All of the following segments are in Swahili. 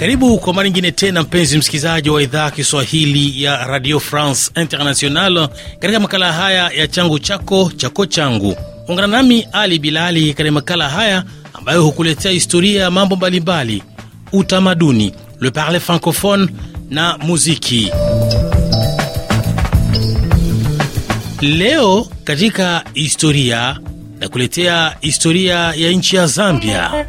Karibu kwa mara nyingine tena, mpenzi msikilizaji wa idhaa ya Kiswahili ya Radio France International, katika makala haya ya changu chako chako changu. Ungana nami Ali Bilali katika makala haya ambayo hukuletea historia ya mambo mbalimbali, utamaduni, le parle francophone na muziki. Leo katika historia na kuletea historia ya nchi ya Zambia.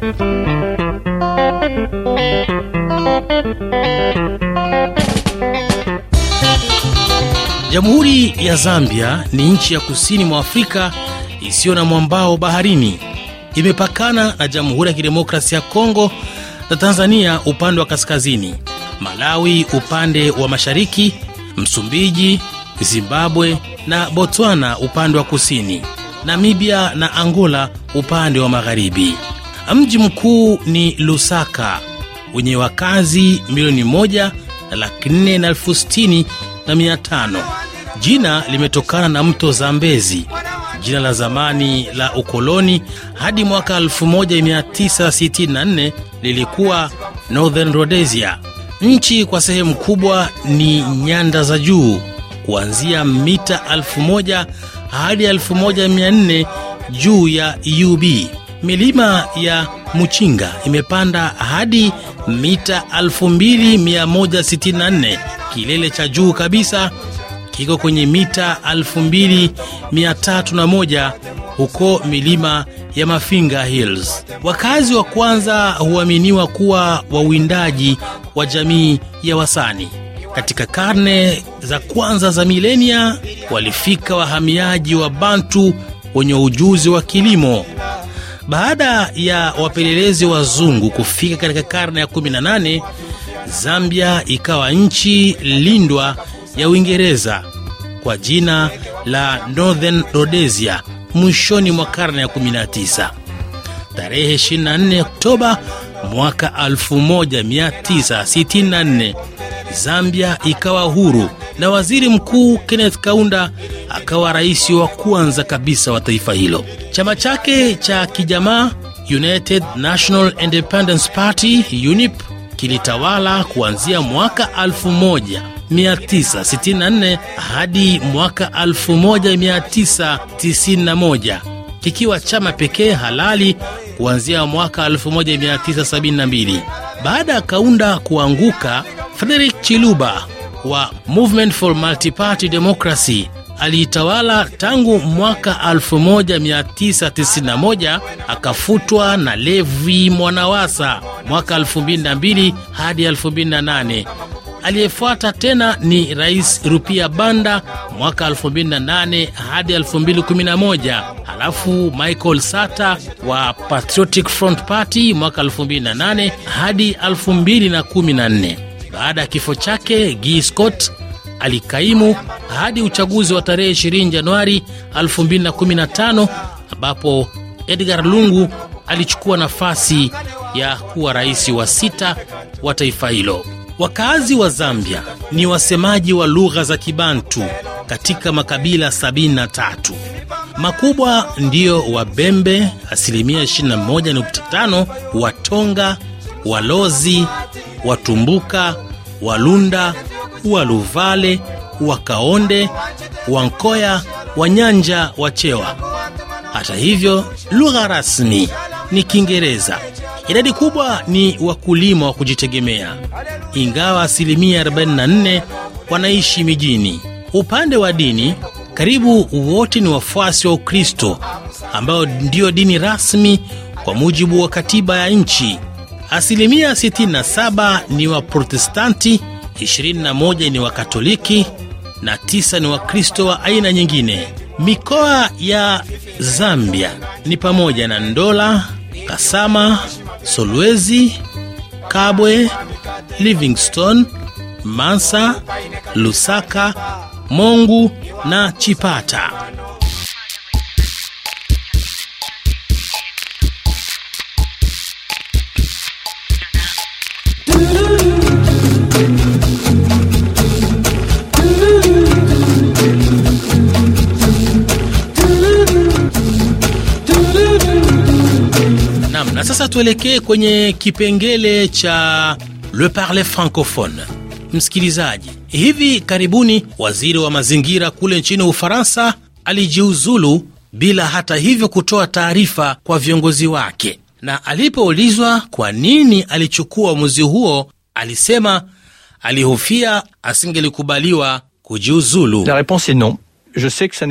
Jamhuri ya Zambia ni nchi ya kusini mwa Afrika isiyo na mwambao baharini. Imepakana na Jamhuri ya Kidemokrasia ya Kongo na Tanzania upande wa kaskazini, Malawi upande wa mashariki, Msumbiji, Zimbabwe na Botswana upande wa kusini, Namibia na Angola upande wa magharibi. Mji mkuu ni Lusaka wenye wakazi milioni moja na laki nne na elfu sitini na mia tano. Jina limetokana na mto Zambezi, jina la zamani la ukoloni hadi mwaka 1964 lilikuwa Northern Rhodesia. Nchi kwa sehemu kubwa ni nyanda za juu kuanzia mita 1000 hadi 1400 juu ya UB. Milima ya Muchinga imepanda hadi mita 2164. Kilele cha juu kabisa kiko kwenye mita 2301 huko milima ya Mafinga Hills. Wakazi wa kwanza huaminiwa kuwa wawindaji wa jamii ya Wasani. Katika karne za kwanza za milenia walifika wahamiaji wa Bantu wenye ujuzi wa kilimo. Baada ya wapelelezi wazungu kufika katika karne ya 18, Zambia ikawa nchi lindwa ya Uingereza kwa jina la Northern Rhodesia mwishoni mwa karne ya 19. Tarehe 24 Oktoba mwaka 1964 Zambia ikawa huru na waziri mkuu Kenneth Kaunda akawa rais wa kwanza kabisa wa taifa hilo. Chama chake cha kijamaa United National Independence Party UNIP kilitawala kuanzia mwaka 1964 hadi mwaka 1991 kikiwa chama pekee halali kuanzia mwaka 1972. Baada ya Kaunda kuanguka Frederick Chiluba wa Movement for Multiparty Democracy aliitawala tangu mwaka 1991 akafutwa na Levi Mwanawasa mwaka 2002 hadi 2008. Aliyefuata tena ni Rais Rupia Banda mwaka 2008 hadi 2011, halafu Michael Sata wa Patriotic Front Party mwaka 2008 hadi 2014. Baada ya kifo chake, Guy Scott alikaimu hadi uchaguzi wa tarehe 20 Januari 2015 ambapo Edgar Lungu alichukua nafasi ya kuwa rais wa sita wa taifa hilo. Wakazi wa Zambia ni wasemaji wa lugha za Kibantu katika makabila 73. Makubwa ndiyo Wabembe asilimia 21.5, Watonga Walozi, Watumbuka, Walunda, Waluvale, Wakaonde, Wankoya, Wanyanja, Wachewa. Hata hivyo, lugha rasmi ni Kiingereza. Idadi kubwa ni wakulima wa kujitegemea, ingawa asilimia 44 wanaishi mijini. Upande wa dini, karibu wote ni wafuasi wa Ukristo, ambayo ndiyo dini rasmi kwa mujibu wa katiba ya nchi asilimia 67 ni Waprotestanti, 21 ni Wakatoliki na 9 ni Wakristo wa aina nyingine. Mikoa ya Zambia ni pamoja na Ndola, Kasama, Solwezi, Kabwe, Livingstone, Mansa, Lusaka, Mongu na Chipata. tuelekee kwenye kipengele cha Le Parle Francophone. Msikilizaji, hivi karibuni waziri wa mazingira kule nchini Ufaransa alijiuzulu bila hata hivyo kutoa taarifa kwa viongozi wake, na alipoulizwa kwa nini alichukua uamuzi huo, alisema alihofia asingelikubaliwa kujiuzulu.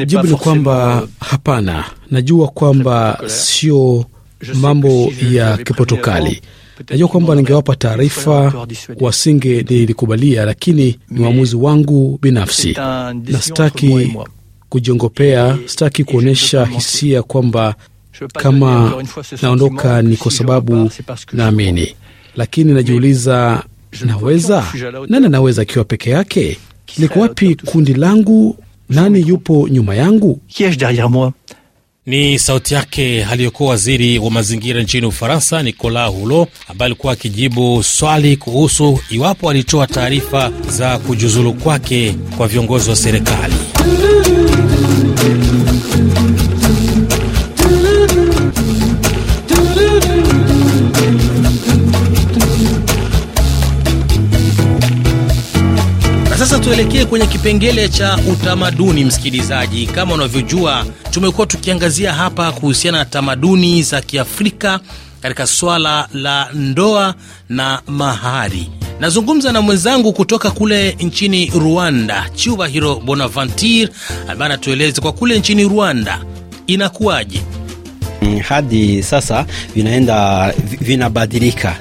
Jibu ni kwamba euh, hapana, najua kwamba sio mambo ya kipotokali. Najua kwamba ningewapa taarifa wasinge nilikubalia, lakini ni uamuzi wangu binafsi na sitaki kujiongopea, sitaki kuonyesha hisia kwamba kama naondoka ni kwa sababu naamini, lakini najiuliza, naweza nani? Anaweza akiwa peke yake? Liko wapi kundi langu? Nani yupo nyuma yangu? Ni sauti yake aliyokuwa waziri wa mazingira nchini Ufaransa, Nicolas hulo ambaye alikuwa akijibu swali kuhusu iwapo alitoa taarifa za kujuzulu kwake kwa viongozi wa serikali. Sasa tuelekee kwenye kipengele cha utamaduni. Msikilizaji, kama unavyojua, tumekuwa tukiangazia hapa kuhusiana na tamaduni za Kiafrika katika swala la ndoa na mahari. Nazungumza na mwenzangu kutoka kule nchini Rwanda, Cyubahiro Bonaventure, ambaye anatueleza kwa kule nchini Rwanda inakuwaje hadi sasa. Vinaenda vinabadilika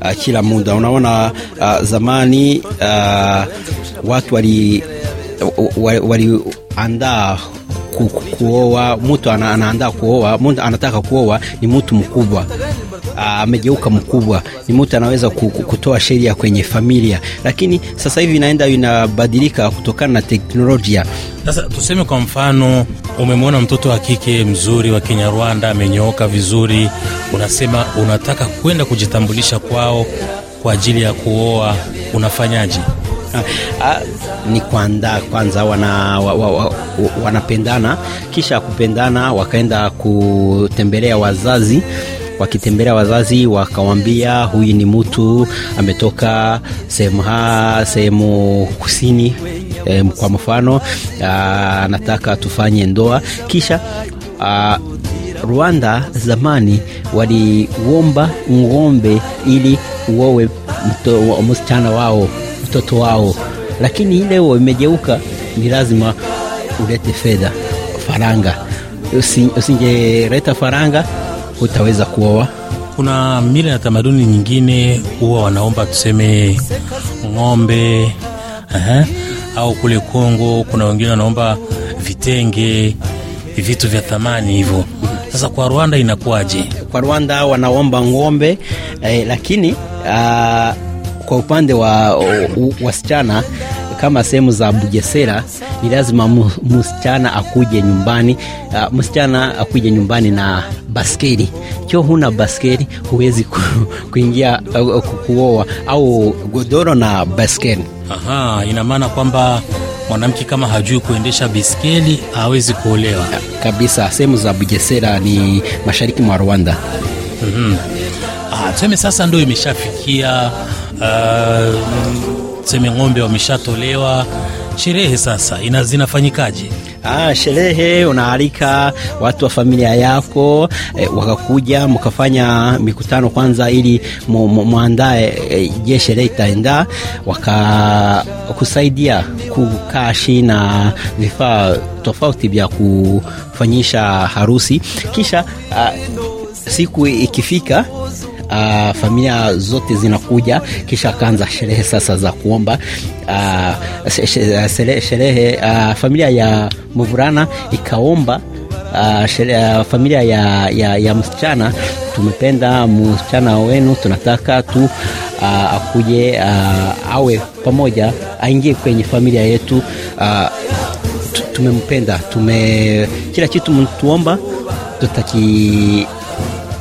uh, kila muda. Unaona uh, zamani uh, watu wali uh, waliandaa ku, kuoa, mtu anaandaa kuoa, mtu anataka kuoa ni mtu mkubwa Ah, amegeuka mkubwa, ni mtu anaweza kutoa sheria kwenye familia, lakini sasa hivi inaenda inabadilika kutokana na teknolojia. Sasa tuseme kwa mfano, umemwona mtoto wa kike mzuri wa Kenya Rwanda amenyooka vizuri, unasema unataka kwenda kujitambulisha kwao kwa ajili ya kuoa, unafanyaje? Ha, ah, ah, ha, ni kwanda kwanza, wana, wa, wa, wa, wanapendana, kisha kupendana wakaenda kutembelea wazazi wakitembelea wazazi, wakawambia huyu ni mtu ametoka sehemu ha sehemu kusini e, kwa mfano anataka tufanye ndoa. Kisha a, Rwanda zamani waliomba ng'ombe ili uowe msichana wao mtoto wao, lakini ileo imegeuka ni lazima ulete fedha faranga. Usingeleta faranga utaweza kuoa. Kuna mila na tamaduni nyingine huwa wanaomba tuseme ng'ombe, aha, au kule Kongo kuna wengine wanaomba vitenge, vitu vya thamani hivyo. Sasa kwa Rwanda inakuwaje? Kwa Rwanda wanaomba ng'ombe eh, lakini uh, kwa upande wa wasichana kama sehemu za Bujesera ni lazima msichana akuje nyumbani, uh, msichana akuje nyumbani na baskeli. Kio huna baskeli huwezi ku, kuingia uh, kuoa au godoro na baskeli. Aha, ina maana kwamba mwanamke kama hajui kuendesha biskeli hawezi kuolewa uh, kabisa. Sehemu za Bujesera ni mashariki mwa Rwanda. mm -hmm. Ah, tuseme sasa ndio imeshafikia uh, tuseme ng'ombe wameshatolewa, sherehe sasa ina, zinafanyikaje? Ah, sherehe unaalika watu wa familia yako eh, wakakuja mkafanya mikutano kwanza, ili mwandae eh, je sherehe itaenda, wakakusaidia kukashi na vifaa tofauti vya kufanyisha harusi, kisha ah, siku ikifika uh, familia zote zinakuja, kisha akaanza sherehe sasa za kuomba uh, sherehe uh, familia ya mvulana ikaomba Uh, uh, familia ya, ya, ya msichana, tumependa msichana wenu, tunataka tu uh, akuje uh, awe pamoja, aingie kwenye familia yetu uh, tumempenda, tume kila kitu mtuomba tutaki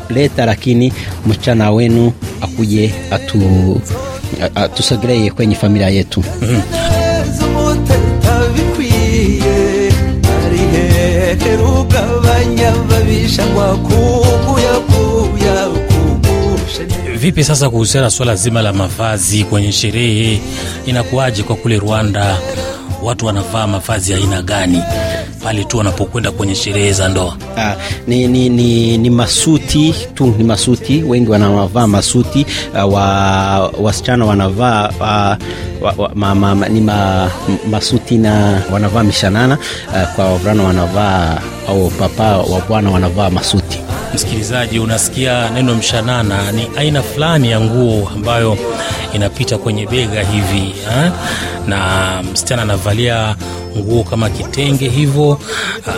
leta, lakini mchana wenu akuje atu, atusogelee kwenye familia yetu. Vipi sasa kuhusiana na swala zima la mavazi kwenye sherehe, inakuwaje kwa kule Rwanda? Watu wanavaa mavazi aina gani? pale tu wanapokwenda kwenye sherehe za ndoa. Ah, ni, ni, ni, ni masuti tu, ni masuti, wengi wanavaa masuti. Ah, wa, wasichana wanavaa uh, wa, wa, ma, ma, ma, ni ma, masuti na wanavaa mishanana. Uh, kwa wavulana wanavaa au papa wa bwana wanavaa masuti. Msikilizaji, unasikia neno mshanana, ni aina fulani ya nguo ambayo inapita kwenye bega hivi ha? na msichana anavalia nguo kama kitenge hivyo,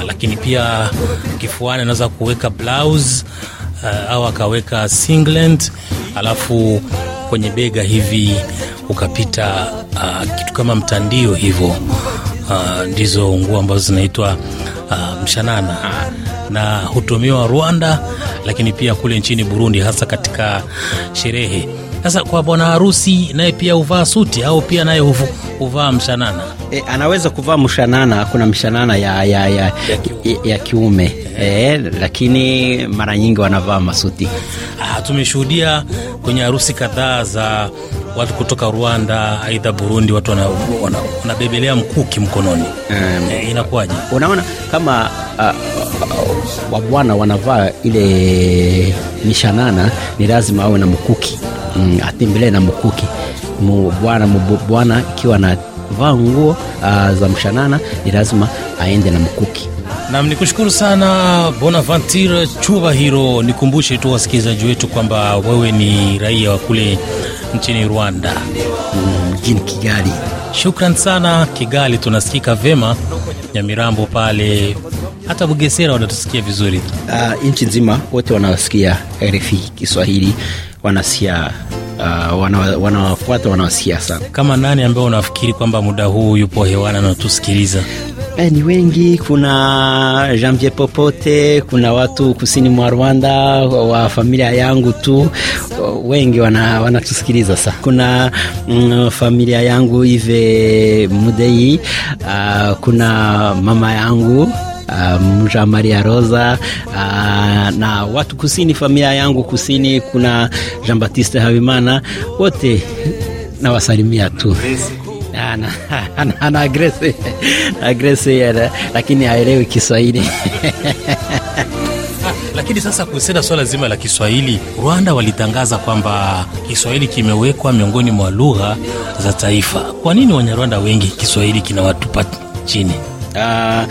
lakini pia kifuani anaweza kuweka blouse au akaweka singlet, alafu kwenye bega hivi ukapita a, kitu kama mtandio hivyo uh, ndizo nguo ambazo zinaitwa uh, mshanana ah. na hutumiwa Rwanda, lakini pia kule nchini Burundi, hasa katika sherehe. Sasa kwa bwana harusi naye pia huvaa suti au pia naye huvaa mshanana? E, anaweza kuvaa mshanana. Kuna mshanana ya, ya, ya, ya kiume eh. e, lakini mara nyingi wanavaa masuti. Ah, tumeshuhudia kwenye harusi kadhaa za watu kutoka Rwanda aidha Burundi, watu wanabebelea wana, wana mkuki mkononi mm. E, inakuwaje? Unaona kama uh, wabwana wanavaa ile mishanana, ni lazima awe na mkuki mm, atembele na mkuki mbwana mbwana, ikiwa anavaa nguo uh, za mshanana, ni lazima aende na mkuki Nam ni kushukuru sana Bonaventure hiro Nikumbushe tu wasikilizaji wetu kwamba wewe ni raia wa kule nchini Rwanda, mjini mm, Kigali. Shukran sana. Kigali tunasikika vema, Nyamirambo pale, hata Bugesera wanatusikia vizuri. Uh, nchi nzima wote wanawasikia rf Kiswahili, wanasia uh, ah, wanawafuata, wanawasikia sana. Kama nani ambao unafikiri kwamba muda huu yupo hewana anatusikiliza? eh, ni wengi. Kuna Janvier Popote, kuna watu kusini mwa Rwanda wa familia yangu tu, wengi wanatusikiliza wana sa. Kuna mm, familia yangu Ive Mudei, uh, kuna mama yangu Uh, mja Maria Rosa uh, na watu kusini, familia yangu kusini, kuna Jean Baptiste Habimana, wote nawasalimia tu anaagresi ana lakini haelewi Kiswahili lakini sasa kusena swala zima la Kiswahili, Rwanda walitangaza kwamba Kiswahili kimewekwa miongoni mwa lugha za taifa. Kwa nini Wanyarwanda wengi Kiswahili kinawatupa chini? Uh,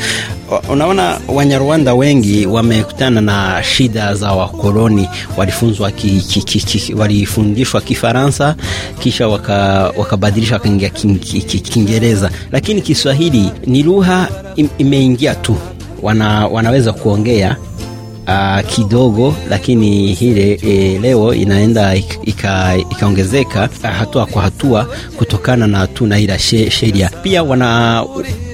Unaona, Wanyarwanda wengi wamekutana na shida za wakoloni, walifunzwa ki, ki, ki, ki, walifundishwa Kifaransa kisha wakabadilisha waka wakaingia Kiingereza ki, ki, lakini Kiswahili ni lugha im, imeingia tu, wana, wanaweza kuongea Uh, kidogo lakini hile e, leo inaenda ikaongezeka ika, ah, ika hatua kwa hatua kutokana na tu ila sheria pia wana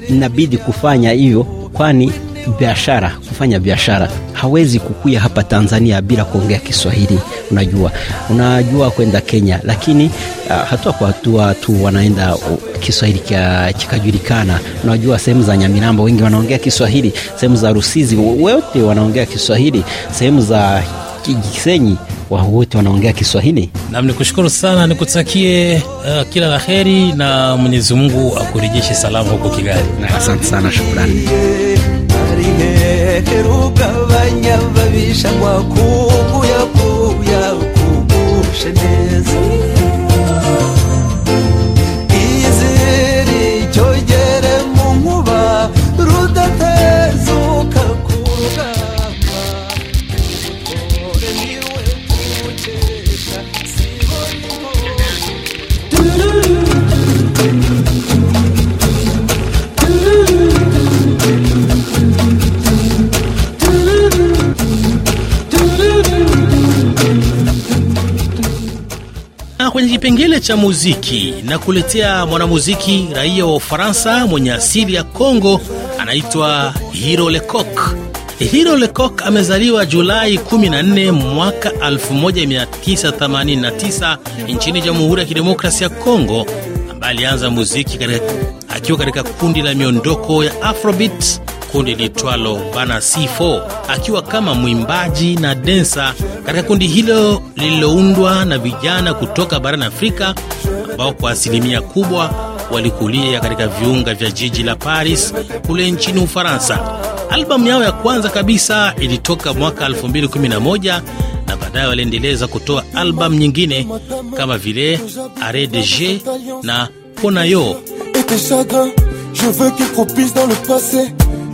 inabidi kufanya hiyo kwani biashara, kufanya biashara hawezi kukuya hapa Tanzania bila kuongea Kiswahili. Unajua, unajua kwenda Kenya, lakini uh, hatua kwa hatua tu wanaenda uh, Kiswahili kikajulikana. Unajua, sehemu za Nyamirambo wengi wanaongea Kiswahili, sehemu za Rusizi wote wanaongea Kiswahili, sehemu za kijisenyi wote wanaongea Kiswahili. Nam, nikushukuru sana, nikutakie uh, kila la heri na Mwenyezi Mungu akurejeshe salama huko Kigali. Asante sana, shukrani. uheheruka abanyababisha ngo akuguya kuya ukugushe neza izere icyo gihe kipengele cha muziki na kuletea mwanamuziki raia wa Ufaransa mwenye asili ya Kongo, anaitwa Hiro Lecoq. Hiro Lecoq amezaliwa Julai 14 mwaka 1989 nchini Jamhuri ya Kidemokrasia ya Kongo, ambaye alianza muziki katika, akiwa katika kundi la miondoko ya Afrobeat kundi litwalo Bana C4 akiwa kama mwimbaji na densa katika kundi hilo lililoundwa na vijana kutoka barani Afrika ambao kwa asilimia kubwa walikulia katika viunga vya jiji la Paris kule nchini Ufaransa. Albamu yao ya kwanza kabisa ilitoka mwaka 2011 na baadaye waliendeleza kutoa albamu nyingine kama vile Are de G na Ponayo.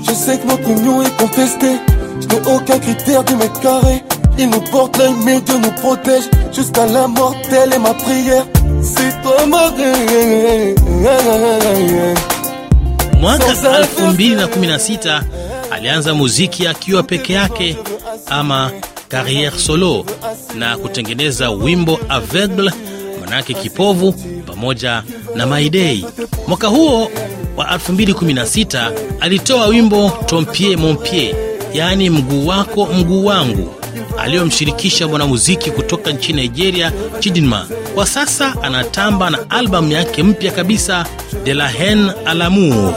Je sais que notre union est contestée. Je n'ai aucun critère du mètre carré. Il nous porte l'œil, mais Dieu nous protège. Jusqu'à la mort, telle est ma prière. C'est toi ma Mwaka 2016 alianza muziki akiwa peke yake ama carrière solo na kutengeneza wimbo Aveugle, manake kipovu, pamoja na My Day. Mwaka huo wa 2016 alitoa wimbo Tompie Mompie, yaani mguu wako mguu wangu, aliyomshirikisha mwanamuziki kutoka nchini Nigeria Chidinma. Kwa sasa anatamba na albamu yake mpya kabisa De la Haine a l'amour,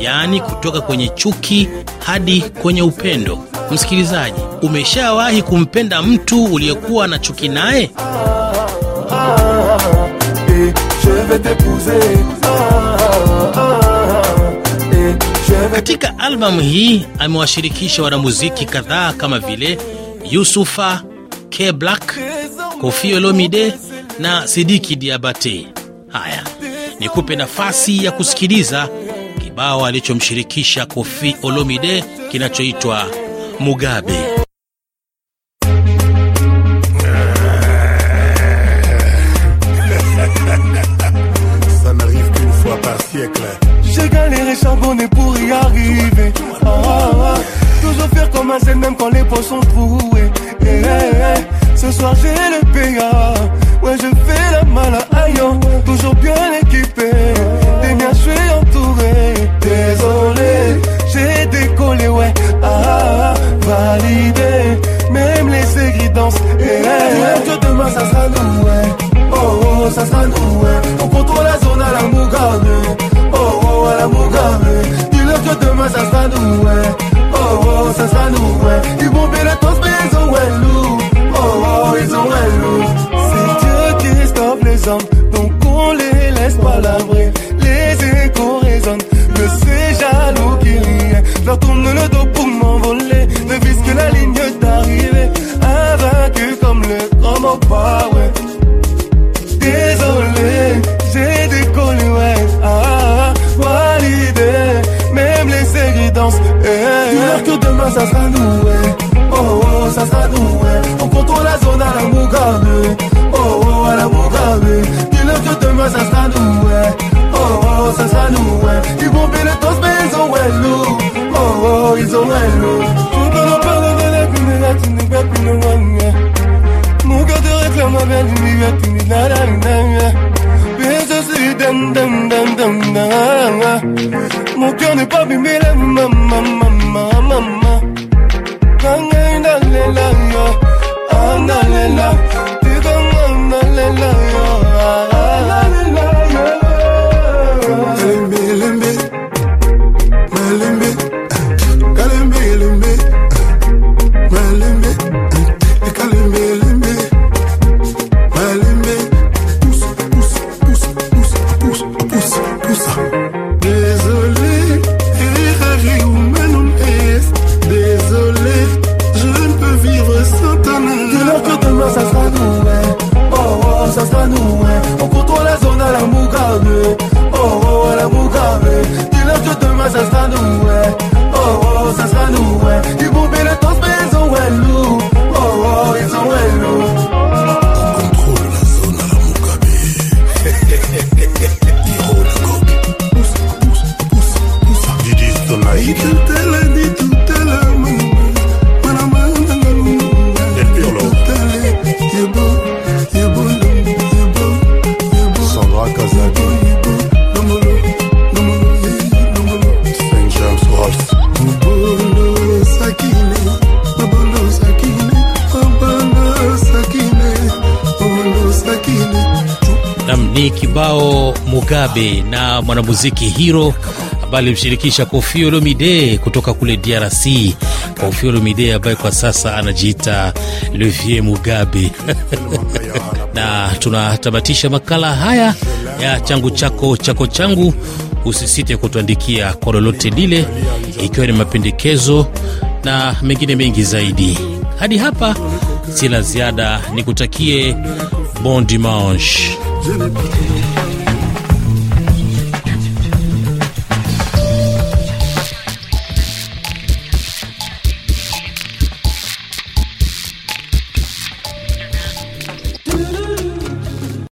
yaani kutoka kwenye chuki hadi kwenye upendo. Msikilizaji, umeshawahi kumpenda mtu uliyekuwa na chuki naye? Ah, ah, ah, eh, katika albamu hii amewashirikisha wanamuziki kadhaa kama vile Yusufa, K Black, Koffi Olomide na Sidiki Diabate. Haya, nikupe nafasi ya kusikiliza kibao alichomshirikisha Koffi Olomide kinachoitwa Mugabe. sasa nouwe On la zone à la Mugabe Oh oh à oh, la Mugabe Dis-leur que demain ça sera noué Oh oh ça oh, sera noué Ils vont bien le tos mais ils ont loup. Oh oh ils ont hello Mugabe réclame belle la Mon cœur n'est pas bimé la maman Andalela, andalela Mugabe na mwanamuziki Hiro ambaye alimshirikisha Koffi Olomide kutoka kule DRC. Koffi Olomide ambaye kwa sasa anajiita Le Vieux Mugabe. Na tunatamatisha makala haya ya changu chako chako changu. Usisite kutuandikia kwa lolote lile, ikiwa ni mapendekezo na mengine mengi zaidi. Hadi hapa sina ziada, nikutakie bon dimanche.